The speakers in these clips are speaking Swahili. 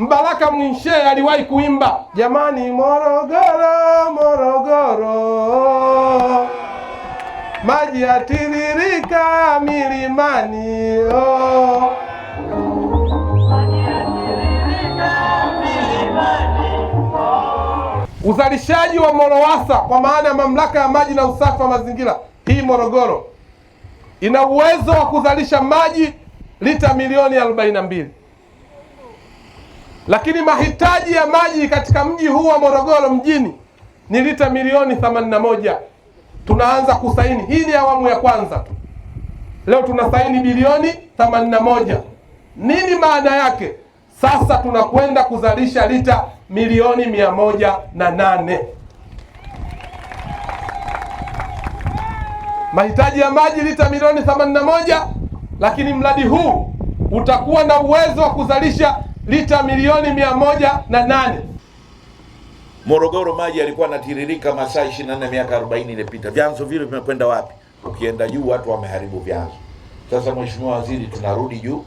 Mbaraka Mwinshe aliwahi kuimba jamani, Morogoro Morogoro, maji yatiririka milimani oh. Uzalishaji wa MOROWASA kwa maana ya mamlaka ya maji na usafi wa mazingira, hii Morogoro ina uwezo wa kuzalisha maji lita milioni arobaini na mbili. Lakini mahitaji ya maji katika mji huu wa Morogoro mjini ni lita milioni 81. Tunaanza kusaini, hii ni awamu ya kwanza tu. Leo tunasaini bilioni 81. Nini maana yake? Sasa tunakwenda kuzalisha lita milioni mia moja na nane. Mahitaji ya maji lita milioni 81, lakini mradi huu utakuwa na uwezo wa kuzalisha lita milioni mia moja na nane. Morogoro maji yalikuwa yanatiririka masaa 24 miaka 40 iliyopita. Vyanzo vile vimekwenda wapi? Ukienda juu watu wameharibu vyanzo. Sasa Mheshimiwa Waziri, tunarudi juu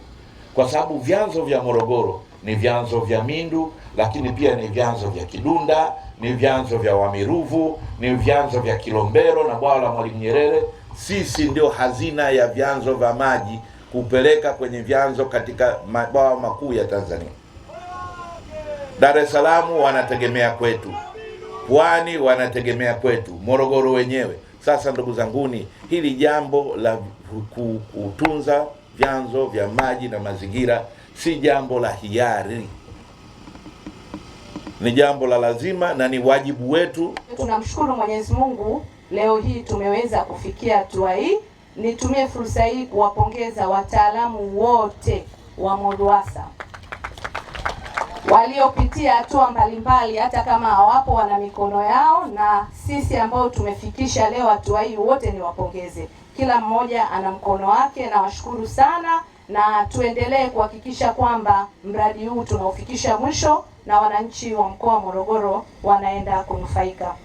kwa sababu vyanzo vya Morogoro ni vyanzo vya Mindu, lakini pia ni vyanzo vya Kidunda, ni vyanzo vya Wamiruvu, ni vyanzo vya Kilombero na bwawa la Mwalimu Nyerere. Sisi ndio hazina ya vyanzo vya maji kupeleka kwenye vyanzo katika mabwawa makuu ya Tanzania. Dar es Salaam wanategemea kwetu, Pwani wanategemea kwetu, Morogoro wenyewe. Sasa ndugu zanguni, hili jambo la kutunza vyanzo vya maji na mazingira si jambo la hiari, ni jambo la lazima na ni wajibu wetu. Tunamshukuru Mwenyezi Mungu, leo hii tumeweza kufikia hatua hii. Nitumie fursa hii kuwapongeza wataalamu wote wa MORUWASA waliopitia hatua mbalimbali, hata kama hawapo wana mikono yao, na sisi ambao tumefikisha leo hatua hii wote niwapongeze, kila mmoja ana mkono wake. Nawashukuru sana, na tuendelee kuhakikisha kwamba mradi huu tunaufikisha mwisho na wananchi wa mkoa wa Morogoro wanaenda kunufaika.